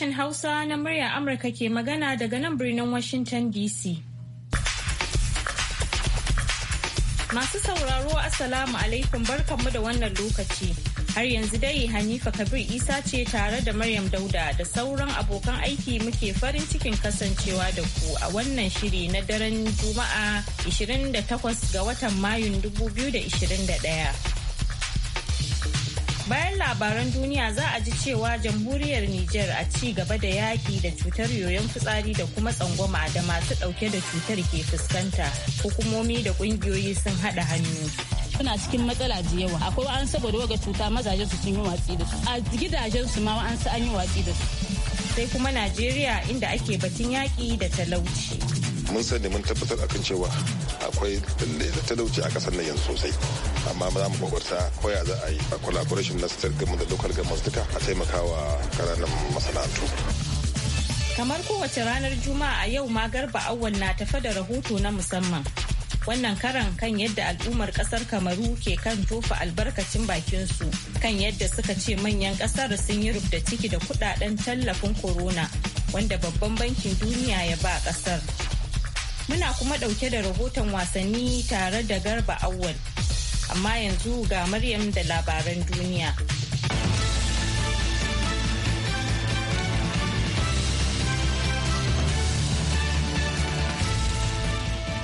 sashen Hausa na murya Amurka ke magana daga nan birnin Washington DC. Masu sauraro Assalamu alaikum barkanmu da wannan lokaci. Har yanzu dai Hanifa Kabir Isa ce tare da Maryam Dauda da sauran abokan aiki muke farin cikin kasancewa da ku a wannan shiri na daren Juma'a 28 ga watan Mayun 2021. Bayan labaran duniya za a ji cewa jamhuriyar Nijar a ci gaba da yaƙi da cutar yoyon fitsari da kuma tsangwama da masu ɗauke da cutar ke fuskanta. Hukumomi da ƙungiyoyi sun haɗa hannu. Suna cikin matsala da yawa. Akwai wa'an saboda waga cuta mazajen su sun yi watsi da su. A gidajen su ma wa'an an yi watsi da su. Sai kuma Najeriya inda ake batun yaki da talauci. Mun sani mun tabbatar akan cewa akwai talauci a ƙasar nan yanzu sosai. amma za mu kokarta koya za a yi a collaboration na state da local government duka a taimakawa kananan masana'antu kamar kowace ranar juma'a a yau ma garba awwal na tafe da rahoto na musamman wannan karan kan yadda al'ummar kasar kamaru ke kan tofa albarkacin bakinsu kan yadda suka ce manyan kasar sun yi rubda ciki da kudaden tallafin corona wanda babban bankin duniya ya ba kasar muna kuma dauke da rahoton wasanni tare da garba awwal amma yanzu ga Maryam da labaran duniya.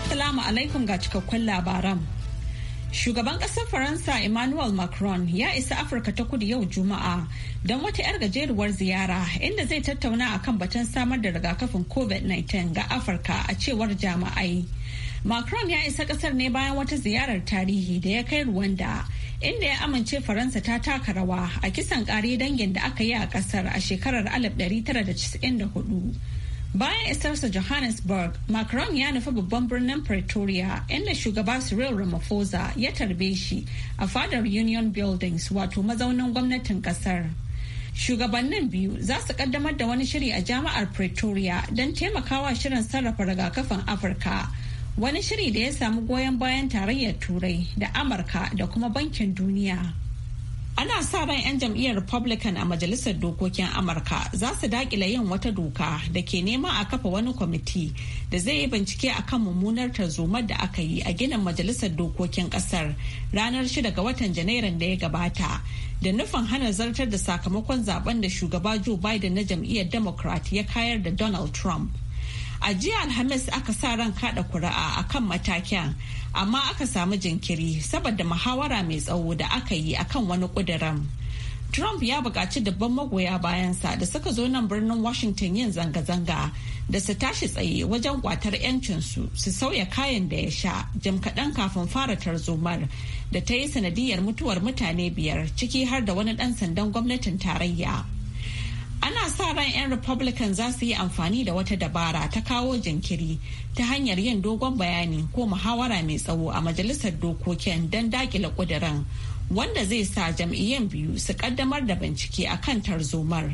Salamu alaikum ga cikakkun labaran. Shugaban ƙasar Faransa Emmanuel Macron ya isa Afirka ta kudu yau Juma'a don wata 'yar gajeruwar ziyara inda zai tattauna akan batun samar da rigakafin COVID-19 ga Afirka a cewar jama'ai. Macron ya isa kasar ne bayan wata ziyarar tarihi da ya kai Rwanda, inda ya amince Faransa ta taka rawa a kisan kare dangin da aka yi a kasar a shekarar 1994. Bayan isarsa Johannesburg, Macron ya nufi babban birnin Pretoria inda shugaba Cyril Ramaphosa ya tarbe shi a fadar Union Buildings wato mazaunin gwamnatin kasar. shugabannin biyu za su kaddamar da wani shiri a jami'ar pretoria don taimakawa shirin sarrafa rigakafin afirka wani shiri da ya samu goyon bayan tarayyar turai da amurka da kuma bankin duniya ana sa ran 'yan jam'iyyar republican a majalisar dokokin amurka za su dakila yin wata doka da ke nema a kafa wani kwamiti da zai yi bincike a kan mummunar tarzomar da aka yi a ginin majalisar dokokin kasar ranar 6 ga watan janairun da ya gabata da nufin hana zartar da sakamakon zaben da shugaba joe biden na jam'iyyar democrat ya kayar da donald trump a jiya alhamis aka sa ran kada kuri'a a kan matakin amma aka samu jinkiri saboda muhawara mai tsawo da aka yi akan wani ƙudiran. trump ya buƙaci dabban magoya bayansa da suka zo nan birnin washington yin zanga-zanga da su tashi tsaye wajen kwatar 'yancinsu su sauya kayan da ya sha jim kaɗan kafin fara tarzomar da ta yi sanadiyar mutuwar mutane biyar ciki har da wani ɗan sandan gwamnatin tarayya ana sa ran 'yan republican za su yi amfani da wata dabara ta kawo jinkiri ta hanyar yin dogon bayani ko muhawara mai tsawo a majalisar dokokin don dakile kudirin wanda zai sa jam'iyyan biyu su kaddamar da bincike a kan tarzomar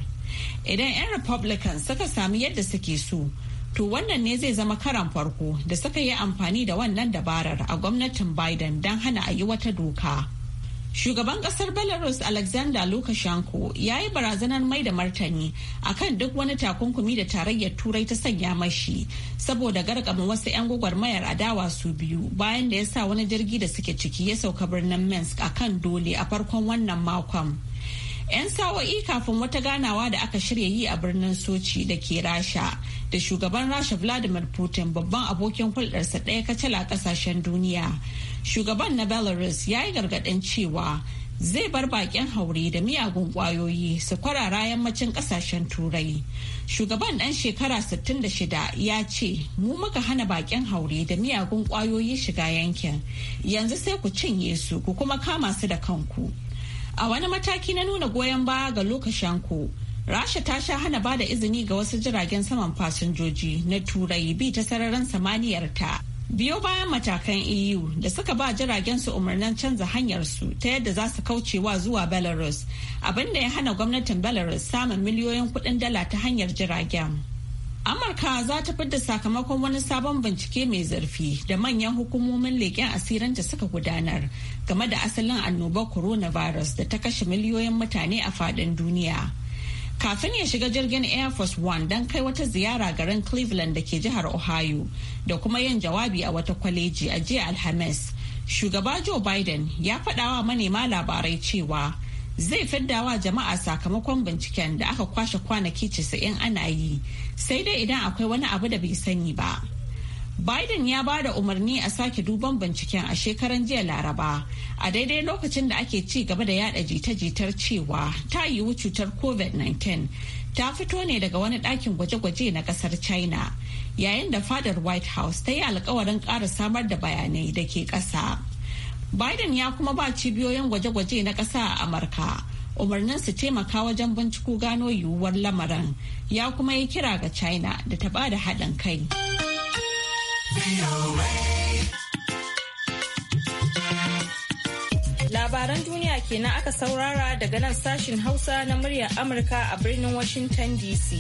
idan 'yan republican suka sami yadda suke so to wannan ne zai zama karan farko da suka yi amfani da wannan dabarar a gwamnatin biden don hana a yi wata doka. Shugaban kasar Belarus Alexander Lukashenko ya yi barazanar mai da martani akan duk wani takunkumi da tarayyar turai ta sanya mashi saboda gargama wasu 'yan gwagwarmayar adawa su biyu bayan da ya sa wani jirgi da suke ciki ya sauka birnin Minsk akan dole a farkon wannan makon. 'Yan sawo'i kafin wata ganawa da aka shirya yi a birnin Sochi da ke Rasha da shugaban Rasha Vladimir Putin babban abokin hulɗarsa ɗaya kacala ƙasashen duniya. shugaban na belarus ya yi gargaɗin cewa zai bar baƙin haure da miyagun kwayoyi su kwarara yammacin kasashen turai shugaban dan shekara 66 ya ce mu muka hana baƙin haure da miyagun kwayoyi shiga yankin yanzu sai ku cinye su ku kuma kama su da kanku a wani mataki na nuna goyon baya ga ku. rasha ta sha hana ba da izini ga wasu jiragen saman fasinjoji na turai bi ta sararin samaniyar ta biyo bayan matakan eu da suka ba jiragen su umarnin canza hanyar su ta yadda za su kaucewa zuwa belarus abinda ya hana gwamnatin belarus samun miliyoyin kudin dala ta hanyar jiragen amurka za ta fidda sakamakon wani sabon bincike mai zurfi da manyan hukumomin leƙen asiranta suka gudanar game da asalin annobar coronavirus da ta kashe miliyoyin mutane a faɗin duniya kafin ya shiga jirgin air force one don kai wata ziyara garin cleveland da ke jihar ohio da kuma yin jawabi a wata kwaleji a jiya alhamis shugaba joe biden ya faɗawa manema labarai cewa zai fiddawa jama'a sakamakon binciken da aka kwashe kwanaki 90 ana yi sai dai idan akwai wani abu da bai sani ba. Biden ya ba da umarni a sake duban binciken a shekaran jiya Laraba a daidai lokacin da ake ci gaba da yada jita-jitar cewa ta yiwu cutar COVID-19 ta fito ne daga wani ɗakin gwaje-gwaje na ƙasar China yayin da fadar White House ta yi alkawarin ƙara samar da bayanai da ke ƙasa. Biden ya kuma ba cibiyoyin gwaje-gwaje na ƙasa a Amurka. umarnin su taimaka wajen binciko gano yiwuwar lamarin ya kuma yi kira ga china da ta bada haɗin kai. Labaran duniya kenan aka saurara daga nan sashin Hausa na muryar Amurka a birnin Washington DC.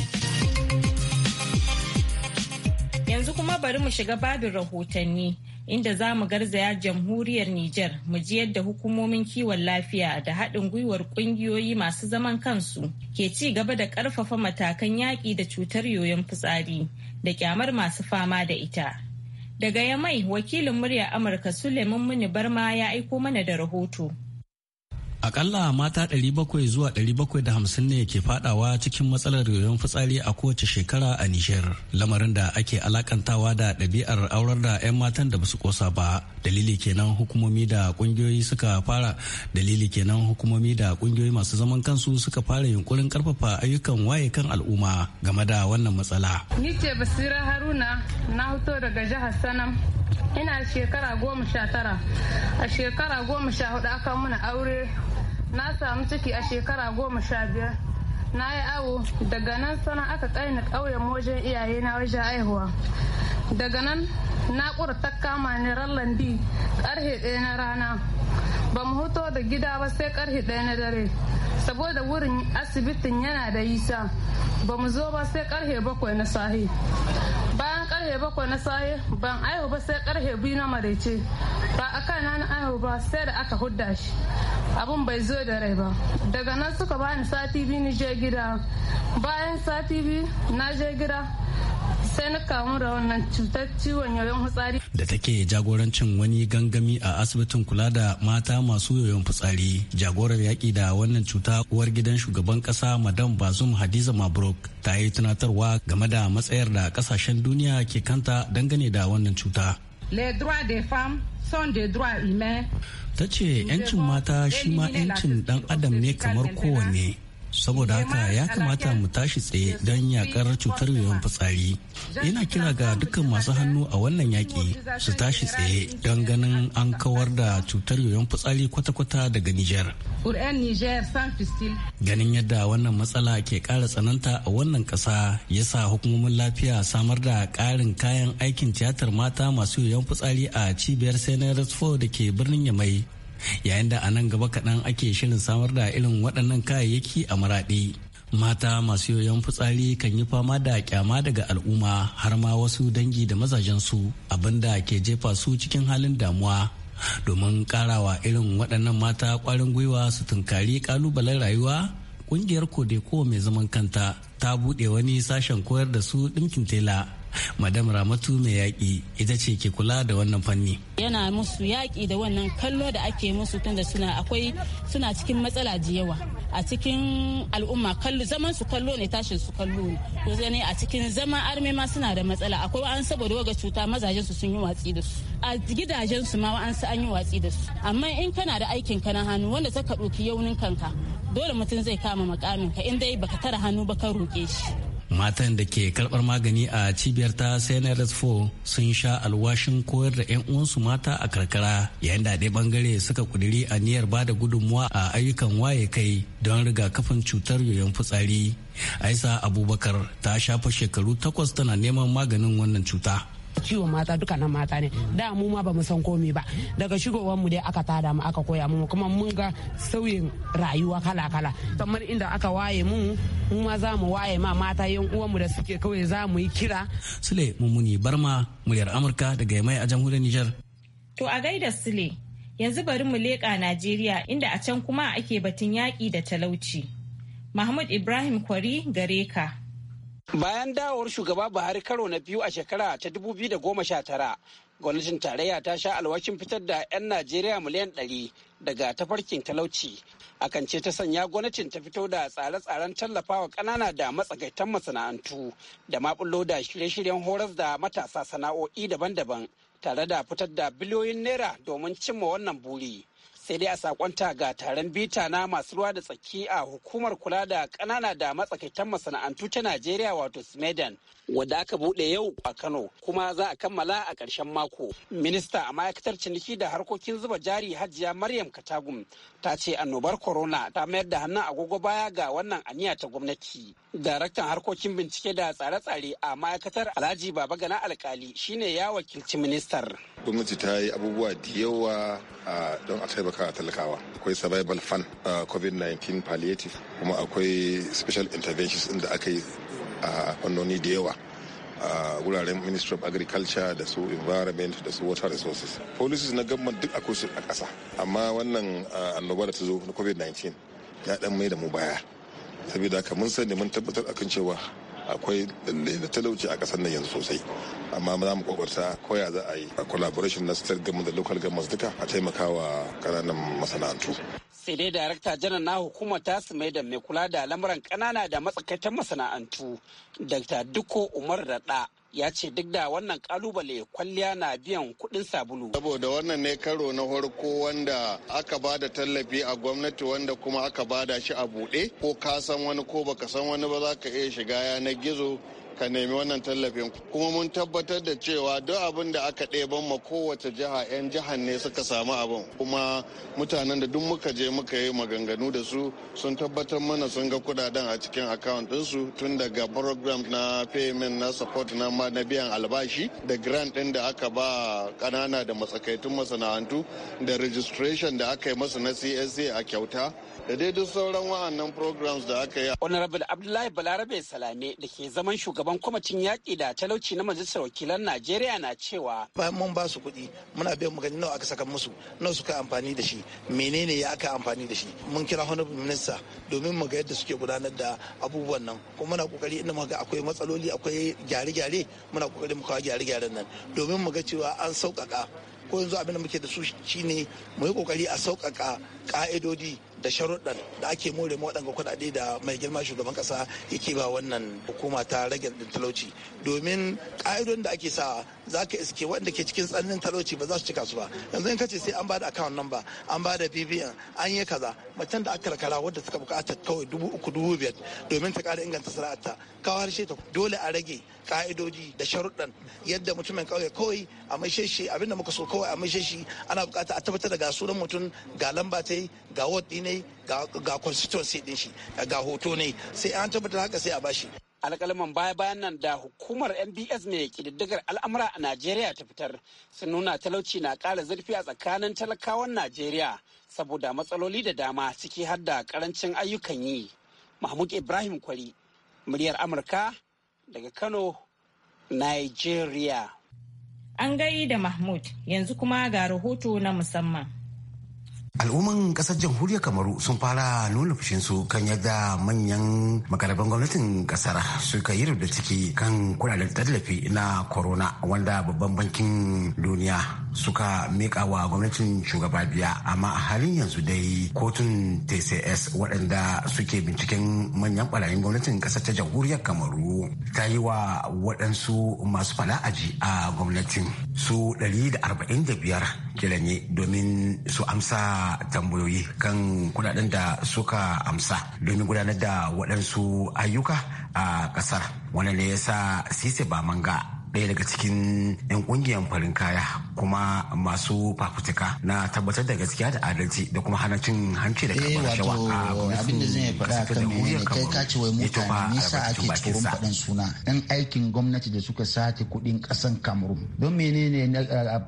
Yanzu kuma bari mu shiga babin rahotanni. inda za mu garzaya jamhuriyar Nijar mu ji yadda hukumomin kiwon lafiya da haɗin gwiwar ƙungiyoyi masu zaman kansu ke ci gaba da ƙarfafa matakan yaƙi da cutar yoyon fitsari da kyamar masu fama da ita. Daga Yamai wakilin muryar Amurka Suleiman Muni Barma ya aiko mana da rahoto. Akalla mata 700 zuwa 750 ne ke fadawa cikin matsalar yoyon fitsari a kowace shekara a Nijar. Lamarin da ake alakantawa da ɗabi'ar aurar da 'yan matan da basu kosa ba. Dalili kenan hukumomi da kungiyoyi suka fara dalili kenan hukumomi da kungiyoyi masu zaman kansu suka fara yunkurin karfafa ayyukan waye kan al'umma game da wannan matsala. Ni ce Basira Haruna na fito daga jihar Sanam. Ina shekara goma sha tara. A shekara goma sha hudu aka mana aure na samu ciki a shekara goma sha biyar na yi awo daga nan sana aka kai ni ƙauyen wajen iyaye na wajen aihuwa daga nan ƙura ta kama ni rallan karhe ƙarfe ɗaya na rana ba mu huto da gida ba sai ƙarfe ɗaya na dare saboda wurin asibitin yana da isa ba mu zo ba sai ƙarfe bakwai na sahi bayan ƙarfe bakwai na sahi ban aihu ba sai ƙarfe biyu na maraice ba a kan na aihu ba sai da aka hudda shi abin bai zo da rai ba daga nan suka bani sati biyu ni je gida bayan sati biyu na je gida sai na kamu da wannan cutar ciwon yoyon fitsari. Da take jagorancin wani gangami a asibitin kula da mata masu yoyon fitsari, jagorar yaƙi da wannan cuta uwar gidan shugaban ƙasa Madam Bazum Hadiza Mabrok ta yi tunatarwa game da matsayar da ƙasashen duniya ke kanta dangane da wannan cuta. Les droits des femmes ta ce 'yancin mata shi ma 'yancin dan adam ne kamar kowanne. saboda haka ya kamata mu tashi tsaye don yakar cutar yoyon fitsari ina kira ga dukkan masu hannu a wannan yaki su tashi tsaye don ganin an kawar da cutar yoyon fitsari kwata-kwata daga niger ganin yadda wannan matsala ke kara tsananta a wannan kasa ya sa hukumomin lafiya samar da karin kayan aikin tiyatar mata masu yoyon fitsari a cibiyar senate da ke birnin yamai yayin da a nan gaba kaɗan ake shirin samar da irin waɗannan kayayyaki a maraɗi mata masu yoyon fitsari kan yi fama da kyama daga al'umma har ma wasu dangi da mazajensu abinda ke jefa su cikin halin damuwa domin karawa irin waɗannan mata ƙwarin gwiwa su tunkari ƙalubalen rayuwa ƙungiyar kodeko mai zaman kanta ta buɗe wani sashen koyar da su ɗinkin tela madam ramatu mai yaƙi ita ce ke kula da wannan fanni yana musu yaƙi da wannan kallo da ake musu tunda suna akwai suna cikin matsala da yawa a cikin al'umma kallo zaman su kallo ne tashin su kallo ne to ne a cikin zama arme ma suna da matsala akwai an saboda waga cuta mazajen su sun yi watsi da su a gidajen su ma an an yi watsi da su amma in kana da aikin ka na hannu wanda ta ka ɗauki yaunin kanka dole mutum zai kama makamin ka in dai baka tara hannu ba ka roƙe shi matan da ke karbar magani a cibiyar ta cnrs 4 sun sha alwashin koyar da 'yan uwansu mata a karkara yayin da ɗaya bangare suka kuduri niyyar ba da gudunmuwa a ayyukan waye kai don rigakafin cutar yoyon fitsari aisa abubakar ta shafa shekaru takwas tana neman maganin wannan cuta ciwon mata duka mata ne da mu ma bamu san komai ba daga shigowar mu dai aka tada mu aka koya mu kuma mun ga sauyin rayuwa kala kala kamar inda aka waye mu mu ma za mu waye ma mata yan uwan mu da suke kawai za mu yi kira sule mummuni barma muryar amurka daga mai a jamhuriyar niger to a gaida sule yanzu bari mu leƙa najeriya inda a can kuma ake batun yaƙi da talauci mahmud ibrahim kwari gare ka Bayan dawowar shugaba Buhari karo na biyu a shekara ta 2019, gwamnatin tarayya ta sha alwashin fitar da 'yan Najeriya miliyan 100 daga tafarkin talauci. Akan ce ta sanya gwamnatin ta fito da tsare-tsaren tallafawa ƙanana da matsagaitan masana'antu da maɓullo da shirye-shiryen horas da matasa sana'o'i daban-daban tare da fitar da biliyoyin naira domin cimma wannan buri. sai dai a sakonta ga taron bita na masu ruwa da tsaki a hukumar kula da ƙanana da matsakaitan masana'antu ta najeriya wato smedan wadda aka buɗe yau a Kano kuma za a kammala a ƙarshen mako. Minista a ma'aikatar ciniki da harkokin zuba jari Hajiya Maryam Katagum ta ce annobar corona ta mayar da hannun agogo baya ga wannan aniya ta gwamnati. Daraktan harkokin bincike da tsare-tsare a ma'aikatar Alhaji Baba Gana Alkali shine ya wakilci ministar. Gwamnati ta yi abubuwa da yawa don a taimaka talakawa. Akwai survival fund COVID-19 palliative kuma akwai special interventions inda aka yi a fannoni da yawa a wuraren ministry of agriculture da su environment da su water resources policies na gamman duk akwai su a kasa. amma wannan annoba da ta zo na covid-19 ya dan mai da mu baya saboda haka mun sani mun tabbatar akan cewa akwai da talauci a kasar nan yanzu sosai amma za mu kokarta koya za a yi a collaboration na state government da local government duka a taimakawa kananan masana'antu sai dai darakta janar na hukumar ta su mai da mai kula da lamuran kanana da matsakaitan masana'antu dr duko umar da ya ce duk da wannan kalubale kwalliya na biyan kudin sabulu. Saboda wannan ne karo na farko wanda aka ba da tallafi a gwamnati wanda kuma aka ba da shi a buɗe ko ka san wani ko baka san wani ba za ka iya shiga yanar gizo ka nemi wannan tallafin kuma mun tabbatar da cewa duk abin da aka ɗeban ma kowace jiha 'yan jihar ne suka samu abin kuma mutanen da duk muka je muka yi maganganu da su sun tabbatar mana sun ga kudaden a cikin account ɗinsu tun daga program na payment na support na ma na biyan albashi da grant din da aka ba kanana da matsakaitun masana'antu da registration da aka yi masa na CSA a kyauta da dai duk sauran wa'annan programs da aka yi. Honorable Abdullahi Balarabe Salame da ke zaman shugaban shugaban kwamitin yaƙi da talauci na majalisar wakilan najeriya na cewa bayan mun ba su kuɗi muna biyan magani nawa aka saka musu nawa suka amfani da shi menene ya aka amfani da shi mun kira honorable minister domin mu ga yadda suke gudanar da abubuwan nan kuma muna kokari inda muka ga akwai matsaloli akwai gyare-gyare muna kokari mu kawo gyare-gyaren nan domin mu ga cewa an sauƙaƙa ko yanzu abin da muke da su shine mu yi kokari a sauƙaƙa ƙa'idodi da sharuɗan da ake more ma waɗanga kuɗaɗe da mai girma shugaban ƙasa yake ba wannan hukuma ta rage talauci domin ƙa'idon da ake sa za ka iske waɗanda ke cikin tsananin talauci ba za su cika su ba yanzu in kace sai an ba da account number an ba da bbn an yi kaza macen da aka karkara wadda suka buƙata kawai dubu uku dubu biyar domin ta ƙara inganta sana'arta kawo harshe ta dole a rage ka'idoji da sharuɗan yadda mutumin ƙauye kawai a maishe shi abinda muka so kawai a maishe shi ana buƙata a tabbatar da ga sunan mutum ga lamba ta ga wad ɗine ne ga constituency din shi ga hoto ne sai an tabbatar haka sai a bashi alƙalman baya bayan nan da hukumar mbs mai ƙididdigar al'amura a najeriya ta fitar sun nuna talauci na ƙara zurfi a tsakanin talakawan najeriya saboda matsaloli da dama suke har da ƙarancin ayyukan yi mahmud ibrahim kwari muryar amurka daga kano nigeria an gai da mahmud yanzu kuma ga rahoto na musamman al'umman kasar jamhuriyar kamaru sun fara nuna fushinsu kan yadda manyan magaraban gwamnatin kasar suka yi da ciki kan kudaden tallafi na corona wanda babban bankin duniya suka mika wa gwamnatin shugaba biya amma a halin yanzu dai kotun tcs waɗanda suke binciken manyan ɓarayin gwamnatin ƙasar ta jamhuriyar kamaru ta yi wa waɗansu masu fala'aji a gwamnatin su 145 kilanye domin su amsa tambayoyi kan kudaden da suka amsa domin gudanar da waɗansu ayyuka a ƙasar wani ne ya sa sise ba manga ɗaya daga cikin 'yan ƙungiyar farin kaya kuma masu fafutuka na tabbatar da gaskiya da adalci da kuma hana cin hanci da karɓar eh, rashawa a gwamnatin kasar da hujjar kai ka ce wai mutane nisa ake tsoron faɗin suna ɗan aikin gwamnati da suka sace kuɗin ƙasan kamerun don menene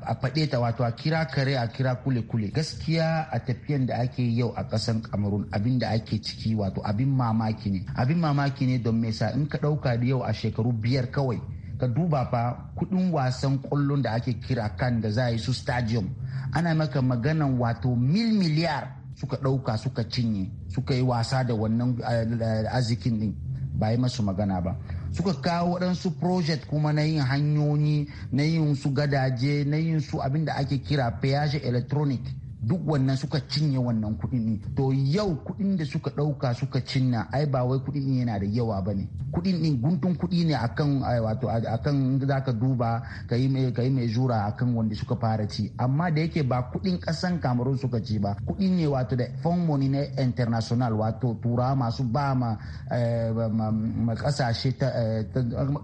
a faɗe ta wato a kira kare a kira kule kule gaskiya a tafiyan da ake yau a ƙasan kamerun abin da ake ciki wato abin mamaki ne abin mamaki ne don me sa in ka ɗauka da yau a shekaru biyar kawai ka duba fa kudin wasan kullun da ake kira kan da za a yi su stadium ana maka maganan wato mil miliyar suka ɗauka suka cinye suka yi wasa da wannan eh, arzikin din ba yi masu magana ba suka kawo waɗansu project kuma na yin hanyoyi na yin su gadaje na yin su abin da ake kira peage electronic duk wannan suka cinye wannan kuɗin ne to yau kuɗin da suka ɗauka suka cinna ai ba wai kuɗin ɗin yana da yawa ba ne kuɗin ɗin guntun kuɗi ne kan wato akan za ka duba ka yi mai zura akan wanda suka fara ci amma da yake ba kuɗin ƙasan kamarun suka ci ba kuɗi ne wato da fund money na international wato tura masu ba ma eh, eh,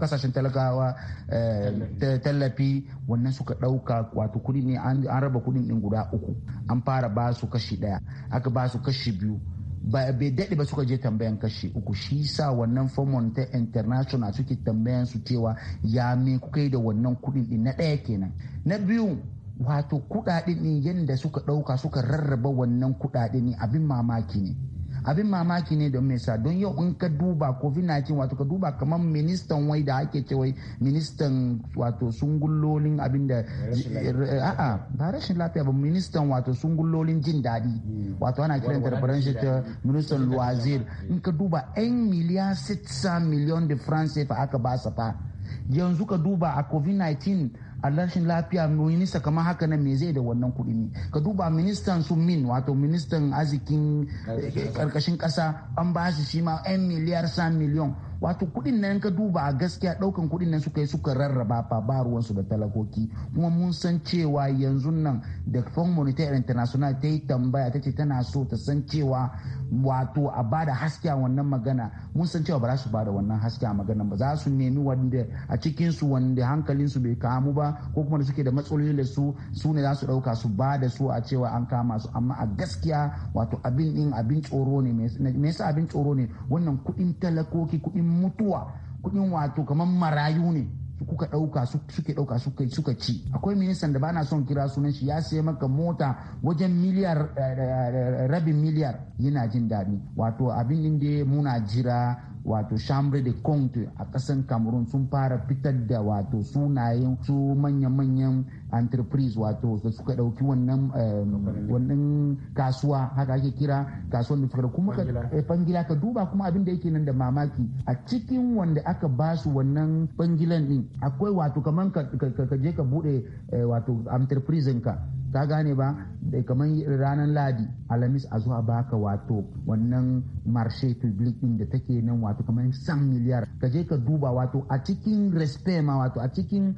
ƙasashen talakawa eh, tallafi wannan suka ɗauka wato kuɗi ne an raba kuɗin ɗin guda uku an fara ba su kashi ɗaya aka ba su kashi biyu ba bai daɗe ba suka je tambayan kashi uku shi sa wannan famon ta international suke tambayan su cewa ya me kuka yi da wannan kuɗin ɗin na ɗaya kenan na biyu wato kuɗaɗe ne yadda suka ɗauka suka rarraba wannan kuɗaɗe ne abin mamaki ne abin mamaki ne don sa don yau in ka duba covid-19 wato ka duba kamar ministan wai da ake ce wai ministan wato sungullolin abin da a'a ba rashin lafiya ba ministan wato sungullolin jin daɗi hmm. wato ana kiran da faransa ta ministan loisir in ka duba 1 miliyan 600 miliyan da faransa fa aka ba sa fa yanzu ka duba a covid-19 a rashin lafiya minista kamar haka nan me zai da wannan kuɗi ne ka duba ministan su min wato ministan arzikin karkashin eh, kasa an ba shi shi ma 'yan miliyar san miliyon wato kuɗin nan ka duba a gaskiya ɗaukan kuɗin nan suka yi suka rarraba ba ba ruwansu da talakoki kuma mun san cewa yanzu nan da fund international ta yi tambaya ta ce tana so ta san cewa wato a bada haske a wannan magana mun san cewa ba za su bada wannan haske a magana ba za su nemi wanda a cikin su wanda hankalin su bai kamu ba ko kuma da suke da matsaloli da su su ne za su dauka su bada su a cewa an kama su amma a gaskiya wato abin din abin tsoro ne me yasa abin tsoro ne wannan kudin talakoki kudin mutuwa kudin wato kamar marayu ne kuka ɗauka suke ɗauka suka ci akwai ministan da bana son kira sunan shi ya sayi maka mota wajen miliyar eh, eh, eh, rabin miliyar yana jin daɗi wato abin da muna jira wato chambre de compte a kasan cameroon sun fara fitar da wato sunayen su manya-manyan entreprise wato da suka dauki wannan eh, wannan kasuwa haka ake kira kasuwan da suka kuma ka bangila eh, ka duba kuma abin da yake nan da mamaki a cikin wanda aka ba su wannan bangilan din akwai wato kamar ka je ka bude eh, wato entreprise ka ka gane ba Eh, kamar ranar ladi alamis a zuwa baka wato wannan marshe public din da take nan wato kamar san miliyar ka je ka duba wato a cikin respect ma wato a cikin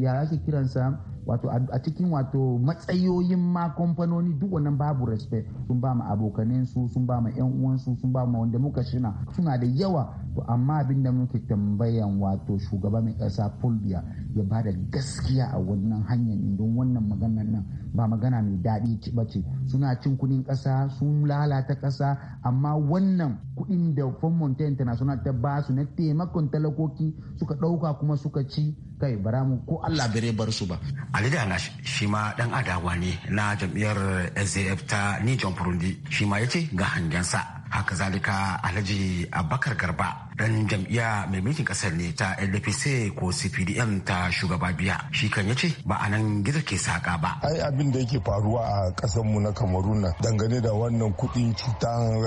ya ake kiransa wato a cikin wato matsayoyin ma kamfanoni duk wannan babu respect sun ba ma abokanin sun ba ma yan uwansu sun ba ma wanda muka shina suna da yawa to amma abin da muke tambayan wato shugaba mai ƙasa fulbiya ya ba da gaskiya a wannan hanyar don wannan maganar nan ba magana mai daɗi ba ce suna cin kuɗin ƙasa sun lalata ƙasa amma wannan kuɗin da fonmonte international ta ba su na taimakon talakoki suka ɗauka kuma suka ci kai bara mu ko Allah bere bar su ba. Ali na shi ma dan adawa ne na jam'iyyar sdf ta Nijon Furundi shi ma ya ce ga hangensa. haka zalika alhaji abakar garba dan jam'iyya mai mulkin kasar ne ta ldpc ko cpdm ta shugaba biya shi kan ya ce ba a nan gizo ke saka ba ai abin da yake faruwa a kasar mu na kamaru na dangane da wannan kudin cutan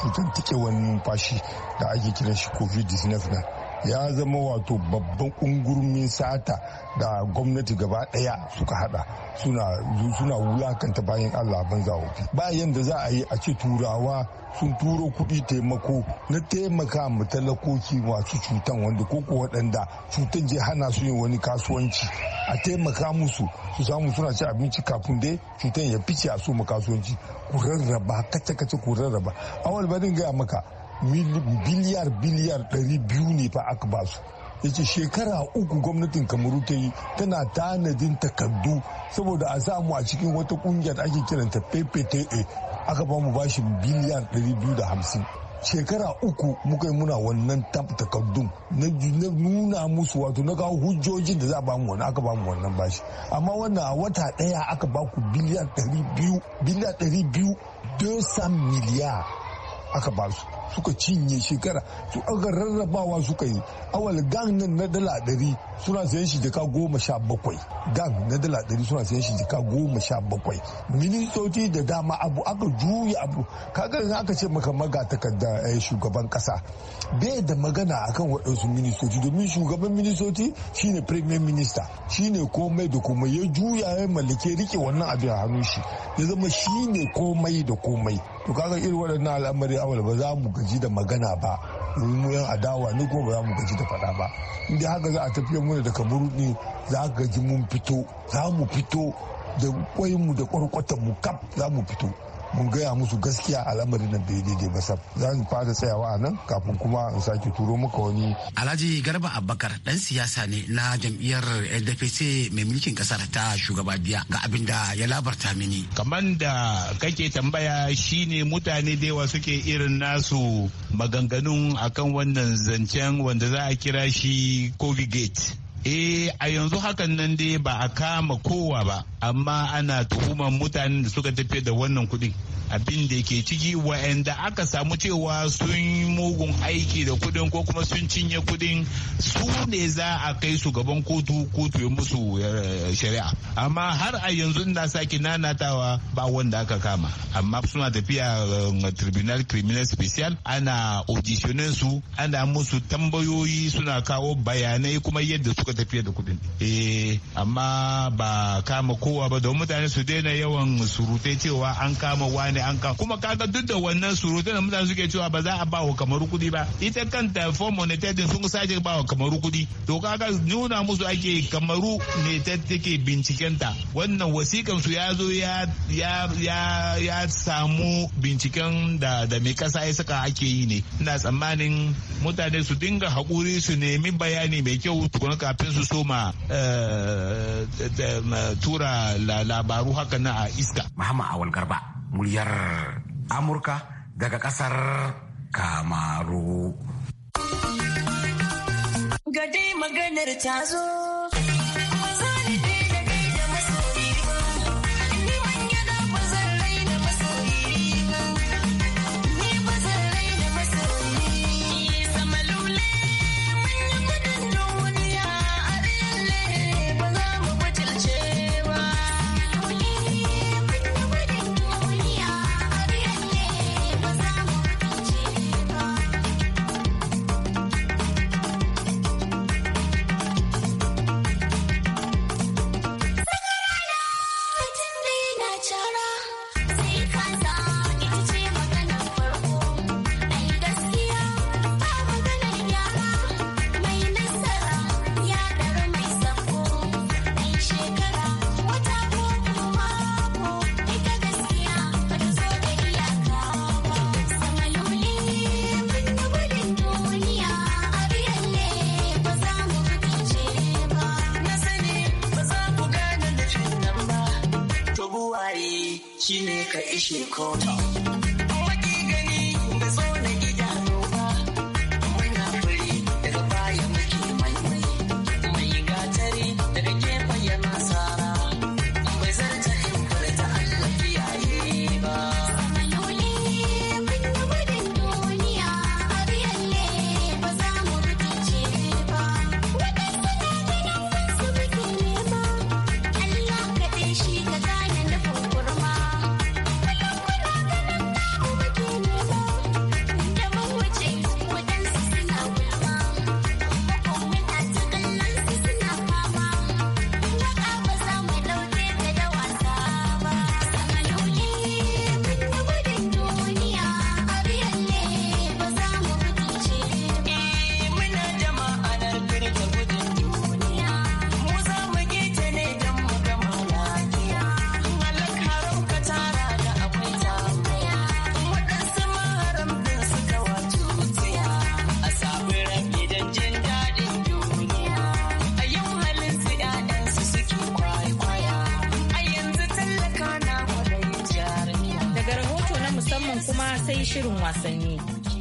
cutan tikewan numfashi da ake kiran shi covid-19 na ya zama wato babban ungurmin sata da gwamnati gaba daya suka hada suna suna wulakanta bayan Allah ban wofi ba yanda za a yi a ce turawa sun turo kuɗi taimako na taimaka ma talakoki masu cutan wanda ko waɗanda cutan je hana su yin wani kasuwanci a taimaka musu su samu suna ci abinci kafin dai cutan ya fice a su kasuwanci ku rarraba kace kace ku rarraba awal barin gaya maka biliyar biliyar 200 ne fa aka ba su yace shekara uku gwamnatin kamaru ta yi tana tanadin takardu saboda a samu a cikin wata kungiyar ake kiranta ppta aka ba mu bashi da 250 shekara uku muka yi muna wannan takardun na nuna musu wato na kawo hujjojin da za a bamu wannan aka bamu wannan bashi amma wannan a wata daya aka baku biliyan 200 biliyan 200 200 miliyar aka ba su suka cinye shekara su aka rarrabawa suka yi awal gang nan na dala ɗari suna sayan shi jika goma sha bakwai gang na dala ɗari suna sayan shi jika goma sha bakwai ministoci da dama abu aka juya abu kaga yanzu aka ce maka maga takarda eh, shugaban kasa bai da magana akan waɗansu ministoci domin shugaban ministoci shine premier minister shine komai da komai ya juya ya mallake rike wannan abin a hannun shi ya zama shine komai da komai to kaga irin waɗannan al'amari awal ba za mu gaji da magana ba mu yan adawa ni kuma ba za mu gaji da faɗa ba in haka za a tafiyar muna da kamaru ne za a gaji mun fito za mu fito da kwayinmu da kwarkwatan mu kaf za mu fito mun gaya musu gaskiya al'amarin nan da daidai ba sab za mu fara tsayawa a nan kafin kuma in sake turo muka wani alhaji garba abubakar dan siyasa ne na jam'iyyar ndpc mai mulkin kasar ta shugaba biya ga abin da ya labarta mini kamar da kake tambaya shine mutane da yawa suke irin nasu maganganun akan wannan zancen wanda za a kira shi covid gate eh a yanzu hakan nan dai ba a kama kowa ba amma ana tuhumar mutanen da suka tafi da wannan kudin abin da ke ciki wa'anda aka samu cewa sun mugun aiki da kudin ko kuma sun cinye kudin su ne za a kai su gaban kotu kotu ya musu eh, shari'a amma har a yanzu ina sake nanatawa ba wanda aka kama amma suna tafiya eh, tribunal criminal special ana auditionin su ana musu tambayoyi suna kawo bayanai kuma yadda suka rika tafiya da kuɗin eh amma ba kama kowa ba don mutane su daina yawan surutai cewa an kama wani an kama kuma kaga duk da wannan surutai da mutane suke cewa ba za a ba wa kamaru kuɗi ba ita kanta form monetary sun sake ba wa kamaru kuɗi to kaga nuna musu ake kamaru ne ta take bincikenta wannan wasikan su ya zo ya ya ya ya samu binciken da da mai kasa ya saka ake yi ne ina tsammanin mutane su dinga hakuri su nemi bayani mai kyau tukuna kafin kafin su soma eh, tura labaru haka na a iska. Muhammad Awal Garba, muryar Amurka daga kasar Kamaru. Gade maganar ta zo. she shirin wasanni.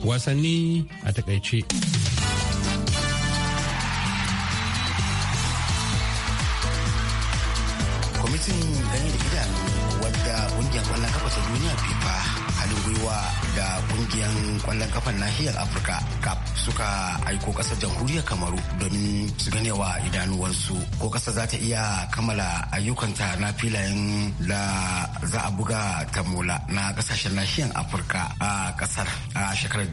Wasanni a takaice. kwamitin gani da idanu wadda ƙungiyar kwallon kafa ta duniya fifa haɗin gwiwa da kungiyar kwallon kafan nahiyar afirka cap suka aiko ƙasar jamhuriyar kamaru domin su ganewa idanuwarsu ko ƙasar za ta iya kammala ayyukanta na filayen da za a buga tamola na ƙasashen nahiyar afirka a ƙasar a shekarar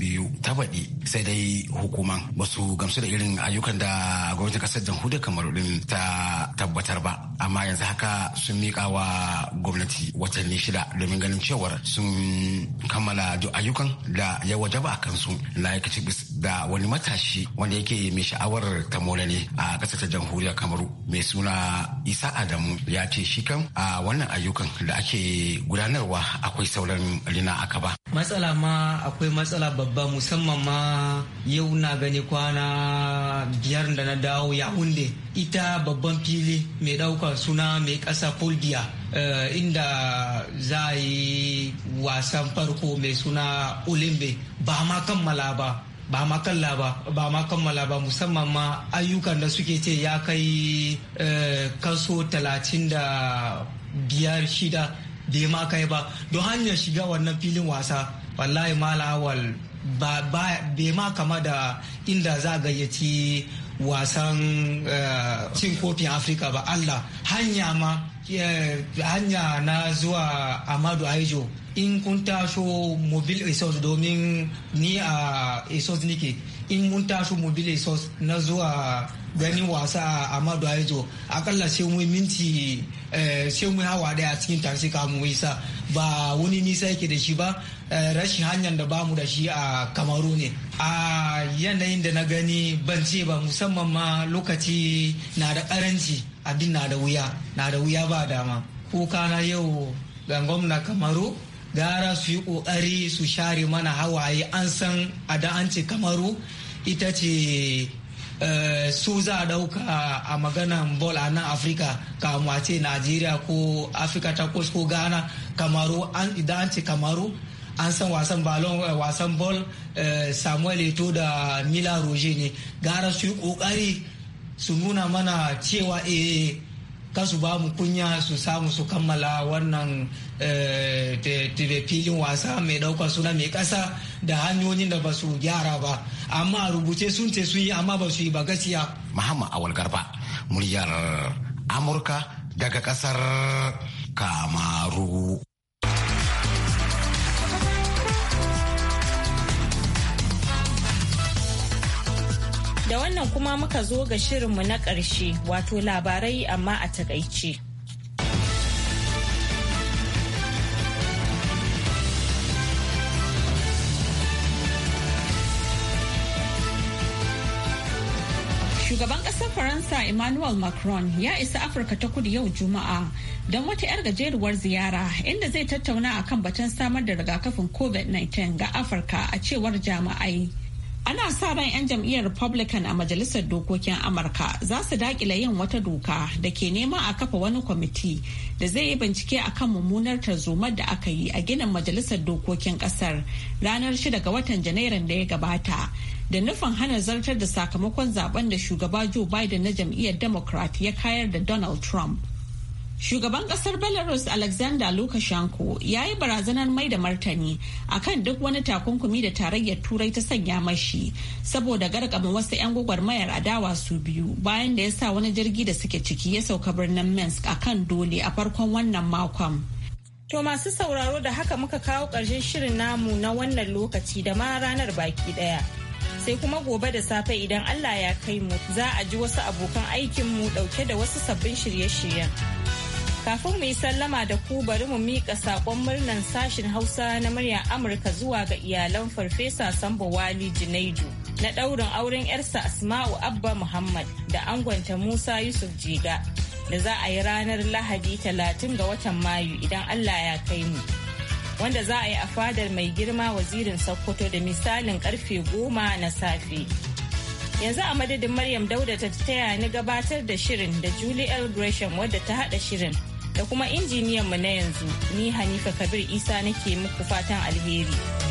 biyu ta baɗi sai dai hukuman ba gamsu da irin ayyukan da gwamnatin ƙasar jamhuriyar kamaru din ta tabbatar ba amma yanzu haka sun miƙa wa gwamnati watanni shida domin ganin cewar sun kammala duk ayyukan da ya wajaba a kansu na ya bis da wani matashi wanda yake mai sha'awar ne a ƙasar ta jamhuriyar kamaru mai suna isa adamu ya ce shi kan a wannan ayyukan da ake gudanarwa akwai sauran rina aka ba matsala ma akwai matsala babba musamman ma yau na gani kwana biyar da na dawo ya hunde ita babban fili mai ɗaukar suna mai ƙasa folbiya uh, eh, inda za a yi wasan farko mai suna olimbe ba ma kammala ba ba ma kammala ba musamman ma ayyukan da suke ce ya kai eh, kaso talatin da biyar shida bai ma kai ba don hanyar shiga wannan filin wasa wallahi malawal lawal bai ma kama da inda za gayyaci wasan eh, cin kofin afirka ba allah hanya ma eh, hanya na zuwa amadu aijo in kun tasho mobile resource domin ni a resource nike in mun tasho mobile resource na zuwa ganin wasa a madu aizo akalla sai mu minti eh, sai mu hawa daya cikin taxi kamun isa ba wani nisa yake da shi ba eh, rashin hanyar da bamu da shi a kamaru ne a yanayin da na gani ban ce ba musamman ma lokaci na da karanci abin na da wuya na da wuya ba dama kuka na yau ga gwamna kamaru gara su yi ƙoƙari su share mana hawaye an san a da an ce kamaru ita ce eh, su za a ɗauka a maganan bol a nan afirka kamu a ce najeriya ko afirka ta ko ko ghana kamaru idan an ce kamaru an san wasan balon eh, wasan bol eh, samuel eto da mila roje ne gara su yi kokari su nuna mana cewa eh kasu ba mu kunya su samu su kammala wannan eh, filin wasa mai ɗaukar suna mai ƙasa da hanyoyin da ba su gyara ba amma rubuce sun ce sun yi amma ba su yi ba gaskiya muhammad awal garba muryar amurka daga kasar kamaru Da wannan kuma muka zo ga shirinmu na ƙarshe wato labarai amma a takaice. Shugaban ƙasar Faransa Emmanuel Macron ya isa Afirka ta kudu yau Juma'a don wata 'yar gajeruwar ziyara inda zai tattauna akan batun samar da rigakafin COVID-19 ga Afirka a cewar jama'ai. ana sa ran 'yan jam'iyyar republican a majalisar dokokin amurka za su dakila yin wata doka da ke nema a kafa wani kwamiti da zai yi bincike a kan mummunar tarzomar da aka yi a ginin majalisar dokokin kasar ranar 6 ga watan janairun da ya gabata da nufin hana zartar da sakamakon zaben da shugaba joe biden na jam'iyyar democrat ya kayar da donald trump Shugaban kasar Belarus Alexander Lukashenko ya yi barazanar mai da martani akan duk wani takunkumi da tarayyar turai ta sanya mashi saboda gargaba wasu 'yan gwagwarmayar adawa su biyu bayan da ya sa wani jirgi da suke ciki ya sauka birnin Minsk akan dole a farkon wannan makon. To masu sauraro da haka muka kawo ƙarshen shirin namu na wannan lokaci da ma ranar baki ɗaya. sai kuma gobe da safe idan Allah ya kai mu za a ji wasu abokan aikinmu ɗauke da wasu sabbin shirye-shiryen. Kafin mu yi sallama da ku bari mu miƙa saƙon murnan Sashen Hausa na murya Amurka zuwa ga iyalan Farfesa Sambo Wali Junaidu na ɗaurin auren 'yarsa Asma'u Abba Muhammad da angonta Musa Yusuf Jiga da za a yi ranar Lahadi 30 ga watan Mayu idan Allah ya kai mu. Wanda za a yi a fadar mai girma wazirin Sokoto da misalin karfe goma na safe. yanzu a madadin maryam dauda ta taya ni gabatar da shirin da julie l gresham wadda ta haɗa shirin da kuma injiniyan mu na yanzu ni Hanifa Kabir Isa nake muku fatan alheri.